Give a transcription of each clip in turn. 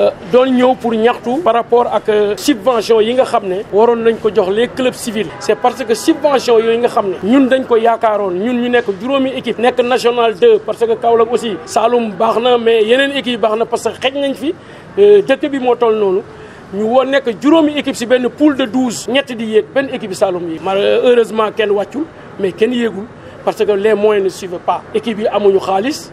Euh, doon ñëw pour ñaxtu par rapport ak euh, subvention yi nga xam ne waroon nañ ko jox les clubs civils c'est parce que subvention yooyu nga xam ne ñun dañ ko yaakaaroon ñun ñu nekk juróomi équipe nekk national 2 parce que Kaolack aussi Saloum baax na mais yeneen équipe baax na parce que xej nañ fi euh, dëkk bi moo toll noonu ñu woo nekk juróomi équipe si benn poule de douze ñett di yéeg benn équipe Saloum yi malheureusement kenn wàccul mais kenn yéegul parce que les moyens ne suivent pas équipe yi amuñu xaalis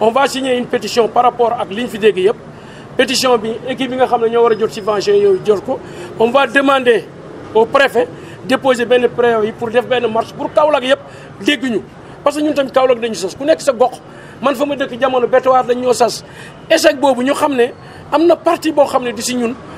on va signer une pétition par rapport ak li fi dégg pétition bi équipe bi nga xamné ñoo wara jot subvention yooyu jot ko on va demander au préfet déposer ben préavis pour def ben marche pour Kaolack yëpp dégg ñu parce que ñun tam Kaolack dañu sas ku nekk sa gox man fa ma dëkk jamono bétuwaar dañ ñoo sas échec bobu ñu xamné amna parti bo xamné di ci ñun